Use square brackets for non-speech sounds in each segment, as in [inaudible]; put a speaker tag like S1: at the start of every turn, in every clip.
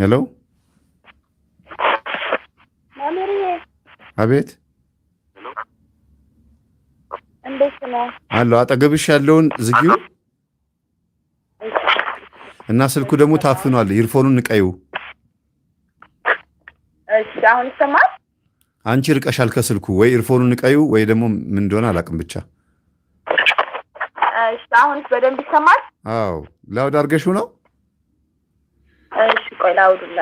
S1: ሄሎ፣ አቤት። አለሁ አጠገብሽ ያለውን ዝጊው እና ስልኩ ደግሞ ታፍኗል። ኢርፎኑን ንቀዩ። አሁን ይሰማል። አንቺ ርቀሻል ከስልኩ። ወይ ኢርፎኑን ንቀዩ ወይ ደግሞ ምን እንደሆነ አላውቅም። ብቻ
S2: አሁን በደንብ ይሰማል።
S1: አዎ ላውድ አድርገሽው ነው
S2: ቆይ ላውዱላ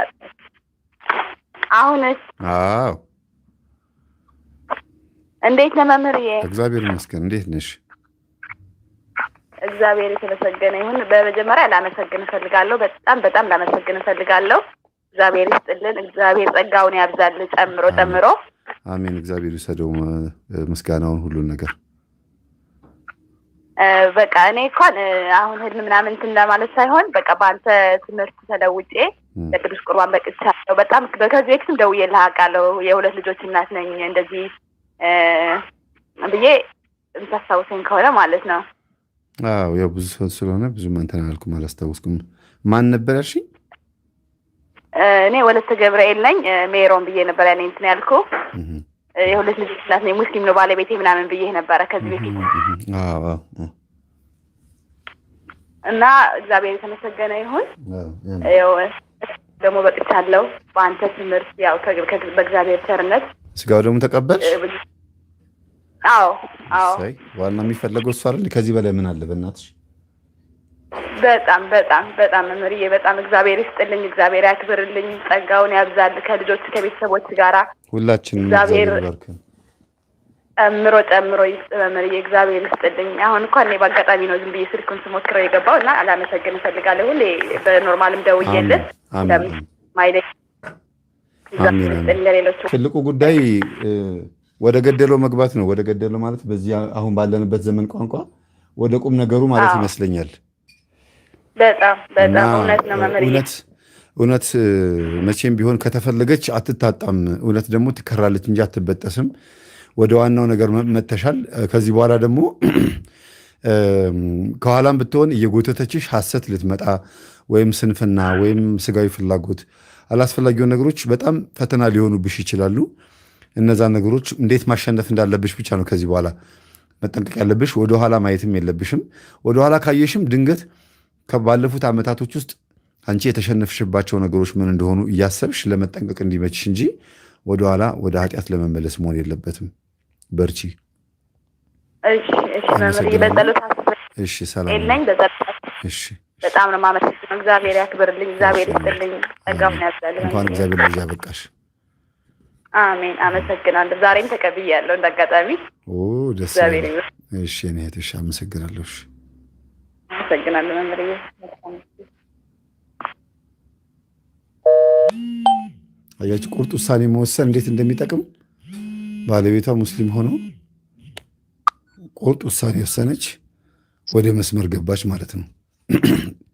S2: አሁንስ? አዎ እንዴት ነው መምህርዬ?
S1: እግዚአብሔር ይመስገን። እንዴት ነሽ?
S2: እግዚአብሔር የተመሰገነ ይሁን። በመጀመሪያ ላመሰግን እፈልጋለሁ። በጣም በጣም ላመሰግን እፈልጋለሁ። እግዚአብሔር ይስጥልን። እግዚአብሔር ጸጋውን ያብዛልን ጨምሮ ጨምሮ።
S1: አሜን። እግዚአብሔር ይውሰደው ምስጋናውን ሁሉን ነገር
S2: በቃ እኔ እንኳን አሁን ህልም ምናምን እንትን ለማለት ሳይሆን በቃ በአንተ ትምህርት ተለውጬ ለቅዱስ ቁርባን በቅቻለሁ። በጣም ከዚህ በፊትም ደውዬልህ አውቃለሁ። የሁለት ልጆች እናት ነኝ እንደዚህ ብዬ የምታስታውሰኝ ከሆነ ማለት ነው።
S1: አዎ ያው ብዙ ሰው ስለሆነ ብዙ እንትን አላልኩም፣ አላስታውስኩም። ማን ነበር ያልሽኝ?
S2: እኔ ወለተ ገብርኤል ነኝ። ሜሮን ብዬ ነበር ያኔ እንትን ያልኩ የሁለት ልጅ ስላት ነኝ። ሙስሊም ነው ባለቤቴ ምናምን ብዬ ነበረ ከዚህ በፊት እና እግዚአብሔር የተመሰገነ ይሁን። ደግሞ አለው በአንተ ትምህርት፣ ያው በእግዚአብሔር ቸርነት
S1: ስጋው ደግሞ ተቀበል አዎ፣ ዋና የሚፈለገው እሱ አይደል? ከዚህ በላይ ምን አለ በእናትሽ
S2: በጣም በጣም በጣም መምህርዬ በጣም እግዚአብሔር ይስጥልኝ፣ እግዚአብሔር ያክብርልኝ፣ ጸጋውን ያብዛል ከልጆች ከቤተሰቦች ጋራ
S1: ሁላችንም እግዚአብሔር
S2: ጨምሮ ጨምሮ ይስጥ መምህርዬ፣ እግዚአብሔር ይስጥልኝ። አሁን እንኳን እኔ በአጋጣሚ ነው ዝም ብዬ ስልኩን ስሞክረው የገባው እና አላመሰግን እፈልጋለሁ። ሁሌ በኖርማልም ደውዬለት ማይለኝ
S1: ትልቁ ጉዳይ ወደ ገደለው መግባት ነው። ወደ ገደለው ማለት በዚህ አሁን ባለንበት ዘመን ቋንቋ ወደ ቁም ነገሩ ማለት ይመስለኛል።
S2: በጣም በጣም እውነት ነው
S1: እውነት መቼም ቢሆን ከተፈለገች አትታጣም። እውነት ደግሞ ትከራለች እንጂ አትበጠስም። ወደ ዋናው ነገር መተሻል። ከዚህ በኋላ ደግሞ [clears throat] ከኋላም ብትሆን እየጎተተችሽ ሐሰት ልትመጣ ወይም ስንፍና ወይም ስጋዊ ፍላጎት አላስፈላጊውን ነገሮች በጣም ፈተና ሊሆኑብሽ ይችላሉ። እነዛ ነገሮች እንዴት ማሸነፍ እንዳለብሽ ብቻ ነው ከዚህ በኋላ መጠንቀቅ ያለብሽ። ወደኋላ ማየትም የለብሽም። ወደኋላ ካየሽም ድንገት ከባለፉት ዓመታቶች ውስጥ አንቺ የተሸነፍሽባቸው ነገሮች ምን እንደሆኑ እያሰብሽ ለመጠንቀቅ እንዲመችሽ እንጂ ወደኋላ ወደ ኃጢአት ለመመለስ መሆን የለበትም። በርቺ።
S2: በጣም ነው የማመሰግነው። እግዚአብሔር ያክብርልኝ፣ እግዚአብሔር ይስጥልኝ፣ ጸጋውን ያብዛልኝ።
S1: እንኳን እግዚአብሔር ልጅ ያበቃሽ።
S2: አሜን። አመሰግናለሁ። ዛሬም ተቀብያለሁ እንደ አጋጣሚ።
S1: ደስ ይላል። እሺ፣ እኔ እህትሽ አመሰግናለሁ።
S2: አመሰግናለሁ መምህርዬ።
S1: አያችሁ ቁርጥ ውሳኔ መወሰን እንዴት እንደሚጠቅም ባለቤቷ ሙስሊም ሆኖ ቁርጥ ውሳኔ ወሰነች። ወደ መስመር ገባች ማለት ነው።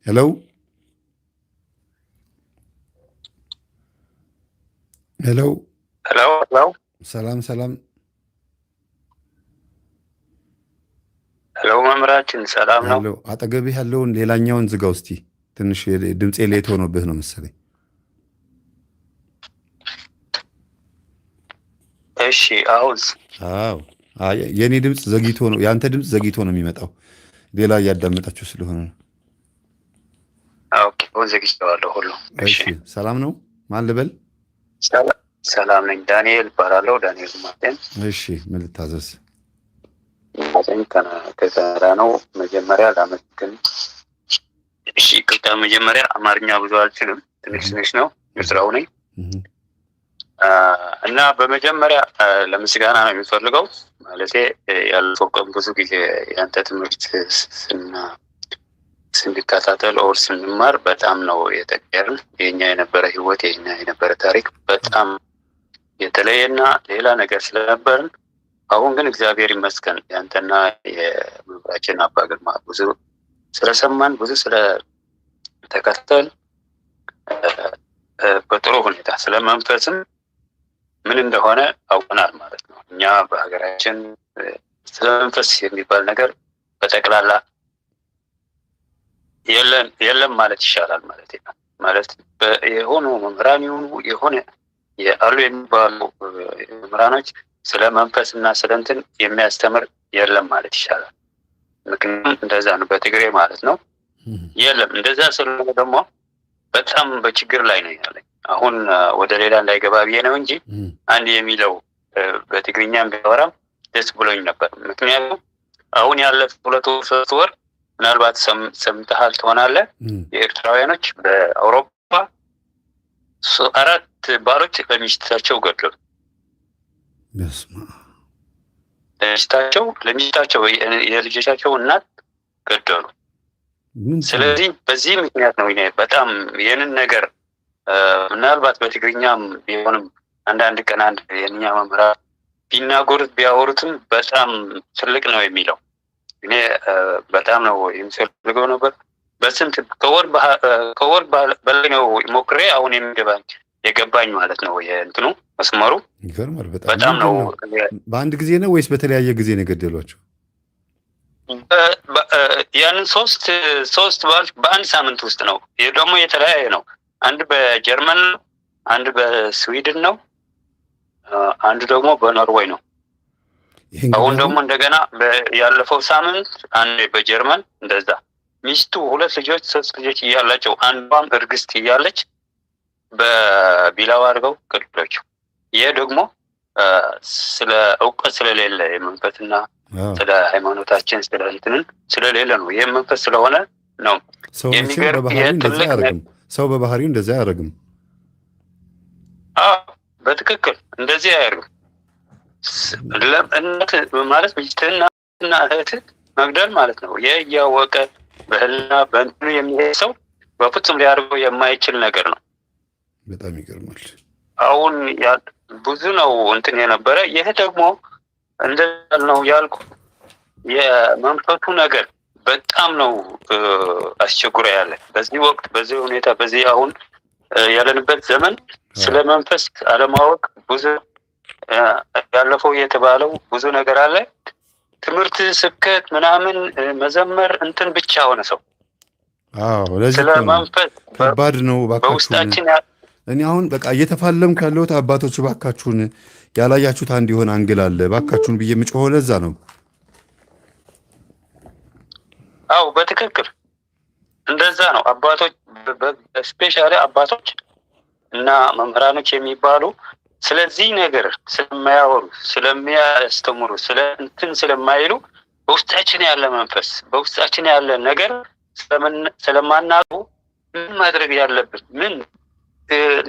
S1: ሄለው ሄለው፣ ሰላም ሰላም
S3: ታምራችን ሰላም
S1: ነው። አጠገብህ ያለውን ሌላኛውን ዝጋ ውስቲ ትንሽ ድምፄ ሌት ሆኖብህ ነው መሰለኝ።
S3: እሺ አውዝ።
S1: አዎ የእኔ ድምፅ ዘግይቶ ነው የአንተ ድምፅ ዘግይቶ ነው የሚመጣው። ሌላ እያዳመጣችሁ ስለሆነ ነው።
S3: ዘግቼዋለሁ ሁሉ።
S1: ሰላም ነው። ማን ልበል?
S3: ሰላም ነኝ። ዳንኤል እባላለሁ። ዳንኤል ማን?
S1: እሺ ምን ልታዘዝ?
S3: ሀዘን ከዘራ ነው። መጀመሪያ ላመስግን። እሺ ቅርታ፣ መጀመሪያ አማርኛ ብዙ አልችልም፣ ትንሽ ትንሽ ነው፣ ምስራው ነኝ እና በመጀመሪያ ለምስጋና ነው የሚፈልገው። ማለቴ ያለፈው ቀን ብዙ ጊዜ ያንተ ትምህርት ስና ስንከታተል ኦር ስንማር በጣም ነው የተቀየርን። የኛ የነበረ ህይወት የኛ የነበረ ታሪክ በጣም የተለየና ሌላ ነገር ስለነበርን አሁን ግን እግዚአብሔር ይመስገን ያንተና የመምራችን አባ ግርማ ብዙ ስለሰማን ብዙ ስለተከተል በጥሩ ሁኔታ ስለ መንፈስም ምን እንደሆነ አውቀናል ማለት ነው። እኛ በሀገራችን ስለ መንፈስ የሚባል ነገር በጠቅላላ የለም ማለት ይሻላል ማለት ነው። ማለት የሆኑ መምህራን የሆኑ የሆነ አሉ የሚባሉ መምህራኖች ስለ መንፈስ እና ስለ እንትን የሚያስተምር የለም ማለት ይቻላል። ምክንያቱም እንደዛ ነው፣ በትግሬ ማለት ነው የለም። እንደዛ ስለሆነ ደግሞ በጣም በችግር ላይ ነው ያለኝ። አሁን ወደ ሌላ እንዳይገባ ብዬ ነው እንጂ አንድ የሚለው በትግርኛም ቢያወራም ደስ ብሎኝ ነበር። ምክንያቱም አሁን ያለፈ ሁለት ወር ሶስት ወር ምናልባት ሰምተሃል ትሆናለ የኤርትራውያኖች በአውሮፓ አራት ባሎች በሚስታቸው ገድሉ
S1: ለሚስታቸው
S3: ለሚስታቸው የልጆቻቸው እናት ገደሉ። ስለዚህ በዚህ ምክንያት ነው በጣም ይህንን ነገር ምናልባት በትግርኛም ቢሆንም አንዳንድ ቀን አንድ የኛ መምህራን ቢናገሩት ቢያወሩትም በጣም ትልቅ ነው የሚለው እኔ በጣም ነው የሚፈልገው ነበር። በስንት ከወር በላይ ነው ሞክሬ አሁን የሚገባኝ የገባኝ ማለት ነው። የእንትኑ መስመሩ ይገርማል። በጣም ነው።
S1: በአንድ ጊዜ ነው ወይስ በተለያየ ጊዜ ነው የገደሏቸው? ያንን ሶስት ሶስት ባልክ በአንድ ሳምንት ውስጥ ነው። ይህ ደግሞ የተለያየ ነው። አንድ በጀርመን ነው፣ አንድ በስዊድን ነው፣ አንድ ደግሞ በኖርዌይ ነው። አሁን ደግሞ እንደገና ያለፈው ሳምንት አንድ በጀርመን እንደዛ። ሚስቱ ሁለት ልጆች ሶስት ልጆች እያላቸው አንዷም እርግስት እያለች በቢላው አድርገው ገደሏቸው። ይሄ ደግሞ ስለ እውቀት ስለሌለ የመንፈስና ስለ ሃይማኖታችን ስለ እንትንን ስለሌለ ነው። ይህ መንፈስ ስለሆነ ነው። ሰው በባህሪው እንደዚህ አያደርግም። በትክክል እንደዚህ አያደርግም። እናት ማለት ሚስትህና እህትህ መግደል ማለት ነው። ይህ እያወቀ በህልና በእንትኑ የሚሄድ ሰው በፍጹም ሊያደርገው የማይችል ነገር ነው። በጣም ይገርማል። አሁን ብዙ ነው እንትን የነበረ ይህ ደግሞ እንደ ነው ያልኩ የመንፈሱ ነገር በጣም ነው አስቸጉራ ያለ በዚህ ወቅት በዚህ ሁኔታ በዚህ አሁን ያለንበት ዘመን ስለ መንፈስ አለማወቅ ብዙ ያለፈው የተባለው ብዙ ነገር አለ። ትምህርት፣ ስብከት፣ ምናምን መዘመር እንትን ብቻ ሆነ ሰው ስለ መንፈስ ከባድ ነው በውስጣችን እኔ አሁን በቃ እየተፋለም ካለሁት አባቶች ባካችሁን ያላያችሁት አንድ የሆነ አንግል አለ ባካችሁን ብዬ የምጮኸው ለዛ ነው። አው በትክክል እንደዛ ነው። አባቶች ስፔሻሊ አባቶች እና መምህራኖች የሚባሉ ስለዚህ ነገር ስለማያወሩ፣ ስለሚያስተምሩ፣ ስለ እንትን ስለማይሉ በውስጣችን ያለ መንፈስ በውስጣችን ያለ ነገር ስለማናቁ ምን ማድረግ ያለብን ምን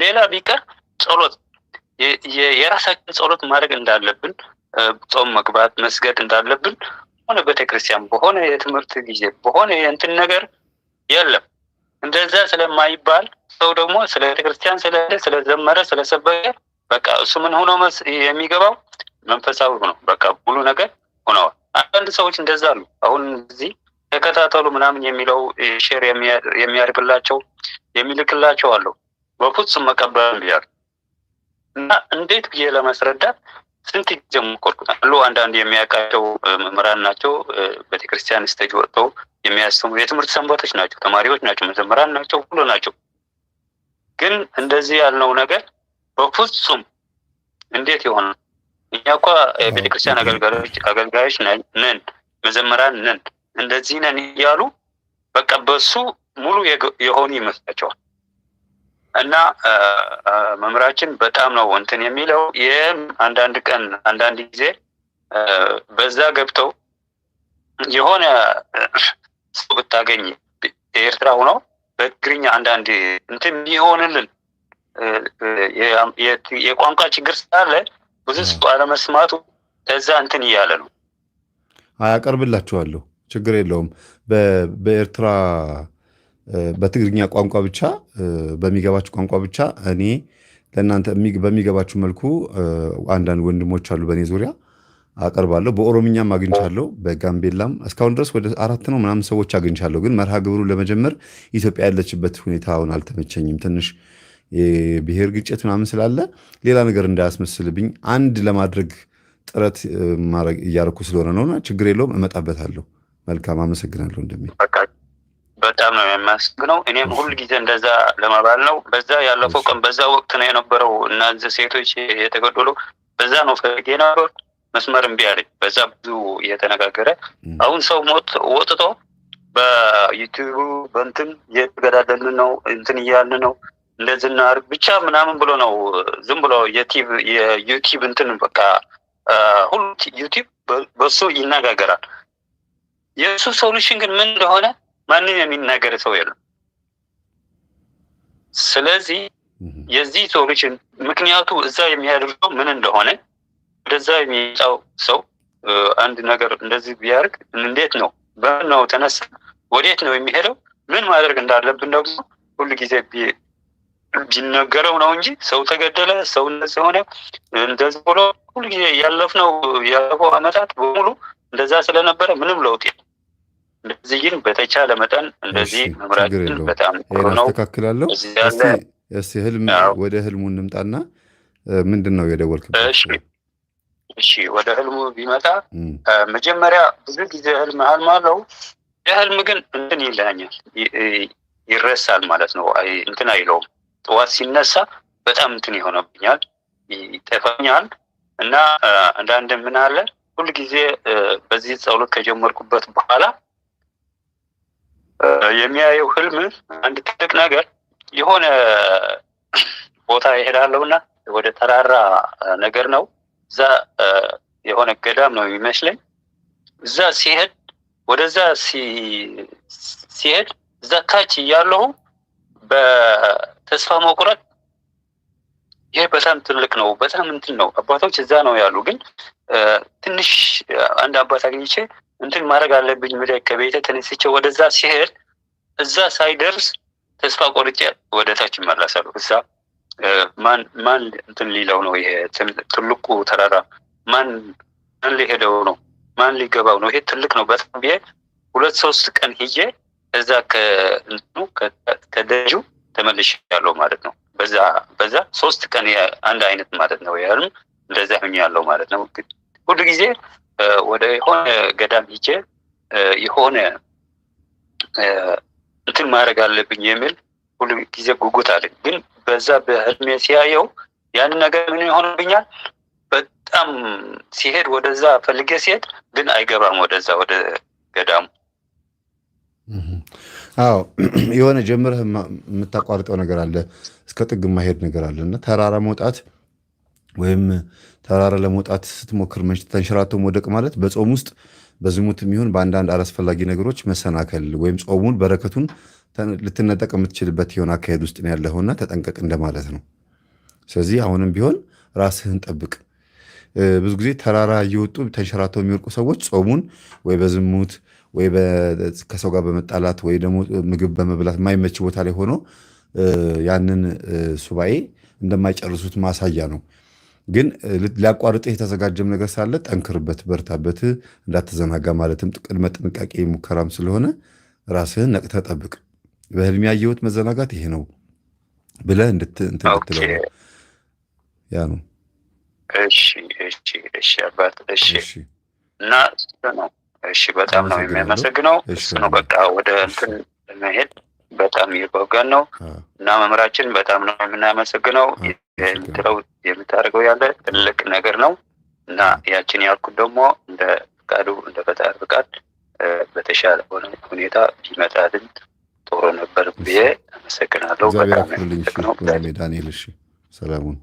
S1: ሌላ ቢቀር ጸሎት የራሳችን ጸሎት ማድረግ እንዳለብን ጾም መግባት መስገድ እንዳለብን ሆነ ቤተክርስቲያን በሆነ የትምህርት ጊዜ በሆነ የእንትን ነገር የለም። እንደዛ ስለማይባል ሰው ደግሞ ስለ ቤተክርስቲያን ስለ ስለዘመረ ስለሰበገ በቃ እሱ ምን ሆኖ የሚገባው መንፈሳዊ ሆኖ በቃ ሙሉ ነገር ሆነዋል። አንዳንድ ሰዎች እንደዛ አሉ። አሁን እዚህ ተከታተሉ ምናምን የሚለው ሼር የሚያደርግላቸው የሚልክላቸው አለው በፍጹም መቀበል ብያል እና እንዴት ብዬ ለማስረዳት ስንት ጊዜ ሞከርኩት አሉ። አንዳንድ የሚያውቃቸው መምህራን ናቸው። ቤተክርስቲያን ስተጅ ወጥተው የሚያስተምሩ የትምህርት ሰንበቶች ናቸው፣ ተማሪዎች ናቸው፣ መዘምራን ናቸው፣ ሁሉ ናቸው። ግን እንደዚህ ያልነው ነገር በፍጹም እንዴት የሆነ እኛ እኳ የቤተክርስቲያን አገልጋዮች አገልጋዮች ነን፣ መዘምራን ነን፣ እንደዚህ ነን እያሉ በቃ በሱ ሙሉ የሆኑ ይመስላቸዋል። እና መምህራችን በጣም ነው እንትን የሚለው። ይህም አንዳንድ ቀን አንዳንድ ጊዜ በዛ ገብተው የሆነ ሰው ብታገኝ የኤርትራ ሆነው በትግርኛ አንዳንድ እንትን የሚሆንልን የቋንቋ ችግር ስላለ ብዙ ሰው አለመስማቱ ከዛ እንትን እያለ ነው። አያቀርብላችኋለሁ፣ ችግር የለውም በኤርትራ በትግርኛ ቋንቋ ብቻ በሚገባችሁ ቋንቋ ብቻ እኔ ለእናንተ በሚገባችሁ መልኩ አንዳንድ ወንድሞች አሉ በእኔ ዙሪያ አቀርባለሁ። በኦሮምኛም አግኝቻለሁ፣ በጋምቤላም እስካሁን ድረስ ወደ አራት ነው ምናምን ሰዎች አግኝቻለሁ። ግን መርሃ ግብሩ ለመጀመር ኢትዮጵያ ያለችበት ሁኔታ አሁን አልተመቸኝም። ትንሽ የብሔር ግጭት ምናምን ስላለ ሌላ ነገር እንዳያስመስልብኝ አንድ ለማድረግ ጥረት እያደረኩ ስለሆነ ነውና ችግር የለውም፣ እመጣበታለሁ። መልካም አመሰግናለሁ እንደሚል በጣም ነው የሚያስግነው። እኔም ሁል ጊዜ እንደዛ ለመባል ነው። በዛ ያለፈው ቀን በዛ ወቅት ነው የነበረው እና ሴቶች የተገደሉ በዛ ነው ፈልጌ ነበር። መስመር እምቢ አለኝ። በዛ ብዙ እየተነጋገረ አሁን ሰው ሞት ወጥቶ በዩቲዩብ በንትን እየተገዳደልን ነው እንትን እያልን ነው እንደዚህ እናድርግ ብቻ ምናምን ብሎ ነው ዝም ብሎ የዩቲዩብ እንትን በቃ ሁሉ ዩቲዩብ በሱ ይነጋገራል። የእሱ ሶሉሽን ግን ምን እንደሆነ ማንም የሚናገር ሰው የለም። ስለዚህ የዚህ ሰው ምክንያቱ እዛ የሚያደርገው ምን እንደሆነ ወደዛ የሚመጣው ሰው አንድ ነገር እንደዚህ ቢያደርግ እንዴት ነው በምን ነው ተነሳ ወዴት ነው የሚሄደው ምን ማድረግ እንዳለብን ደግሞ ሁሉ ጊዜ ቢነገረው ነው እንጂ ሰው ተገደለ፣ ሰው እንደዚህ ሆነ፣ እንደዚህ ብሎ ሁሉ ጊዜ ያለፍነው ያለፈው አመታት በሙሉ እንደዛ ስለነበረ ምንም ለውጥ የለም። እንደዚህ እንደዚህም በተቻለ መጠን እንደዚህ መምራትን በጣም ነው አስተካክላለሁ። እስቲ ህልም ወደ ህልሙ እንምጣና ምንድን ነው የደወልክ? እሺ ወደ ህልሙ ቢመጣ መጀመሪያ ብዙ ጊዜ ህልም ህልም አለው። የህልም ግን እንትን ይለኛል ይረሳል ማለት ነው። እንትን አይለውም። ጠዋት ሲነሳ በጣም እንትን ይሆነብኛል፣ ይጠፋኛል። እና አንዳንድ ምን አለ ሁልጊዜ በዚህ ጸሎት ከጀመርኩበት በኋላ የሚያየው ህልም አንድ ትልቅ ነገር የሆነ ቦታ ይሄዳለሁና ወደ ተራራ ነገር ነው። እዛ የሆነ ገዳም ነው የሚመስለኝ። እዛ ሲሄድ ወደዛ ሲሄድ እዛ ታች እያለሁ በተስፋ መቁረጥ ይሄ በጣም ትልቅ ነው፣ በጣም እንትን ነው። አባቶች እዛ ነው ያሉ። ግን ትንሽ አንድ አባት አግኝቼ እንትን ማድረግ አለብኝ ብለ ከቤተ ተነስቼ ወደዛ ሲሄድ እዛ ሳይደርስ ተስፋ ቆርጬ ወደ ታች እመለሳለሁ። እዛ ማን ማን እንትን ሊለው ነው? ይሄ ትልቁ ተራራ ማን ማን ሊሄደው ነው? ማን ሊገባው ነው? ይሄ ትልቅ ነው በጣም ብዬ ሁለት ሶስት ቀን ሂጄ እዛ ከእንትኑ ከደጁ ተመልሽ ያለው ማለት ነው። በዛ በዛ ሶስት ቀን አንድ አይነት ማለት ነው። ያህልም እንደዛ ሁኝ ያለው ማለት ነው ሁሉ ጊዜ ወደ የሆነ ገዳም ሂጄ የሆነ እንትን ማድረግ አለብኝ የሚል ሁሉ ጊዜ ጉጉት አለ። ግን በዛ በህልሜ ሲያየው ያን ነገር ምን ይሆንብኛል? በጣም ሲሄድ ወደዛ ፈልጌ ሲሄድ ግን አይገባም ወደዛ ወደ ገዳሙ። አዎ [clears throat] የሆነ ጀምረህ የምታቋርጠው ነገር አለ፣ እስከ ጥግ ማሄድ ነገር አለ እና ተራራ መውጣት ወይም ተራራ ለመውጣት ስትሞክር ተንሸራቶ መውደቅ ማለት በጾም ውስጥ በዝሙት የሚሆን በአንዳንድ አላስፈላጊ ነገሮች መሰናከል ወይም ጾሙን በረከቱን ልትነጠቅ የምትችልበት የሆነ አካሄድ ውስጥ ያለሆና ተጠንቀቅ እንደማለት ነው። ስለዚህ አሁንም ቢሆን ራስህን ጠብቅ። ብዙ ጊዜ ተራራ እየወጡ ተንሸራተው የሚወርቁ ሰዎች ጾሙን ወይ በዝሙት ወይ ከሰው ጋር በመጣላት ወይ ደግሞ ምግብ በመብላት የማይመች ቦታ ላይ ሆኖ ያንን ሱባኤ እንደማይጨርሱት ማሳያ ነው። ግን ሊያቋርጥህ የተዘጋጀም ነገር ሳለ ጠንክርበት፣ በርታበት፣ እንዳትዘናጋ ማለትም ቅድመ ጥንቃቄ ሙከራም ስለሆነ ራስህን ነቅተ ጠብቅ። በህልም ያየሁት መዘናጋት ይሄ ነው ብለህ እንድትለው ያ ነው። እሺ፣ እሺ፣ እሺ አባት፣ እሺ። እና ነው። እሺ፣ በጣም ነው የሚያመሰግነው። እሱ ነው በቃ ወደ እንትን መሄድ በጣም እየጓጓን ነው እና መምህራችን በጣም ነው የምናመሰግነው። የምታደርገው ያለ ትልቅ ነገር ነው እና ያችን ያልኩት ደግሞ እንደ ፍቃዱ እንደ ፈጣሪ ፍቃድ በተሻለ ሆነ ሁኔታ ቢመጣልን ጥሩ ነበር ብዬ አመሰግናለሁ። በጣም ዳንኤል እሺ፣ ሰላሙን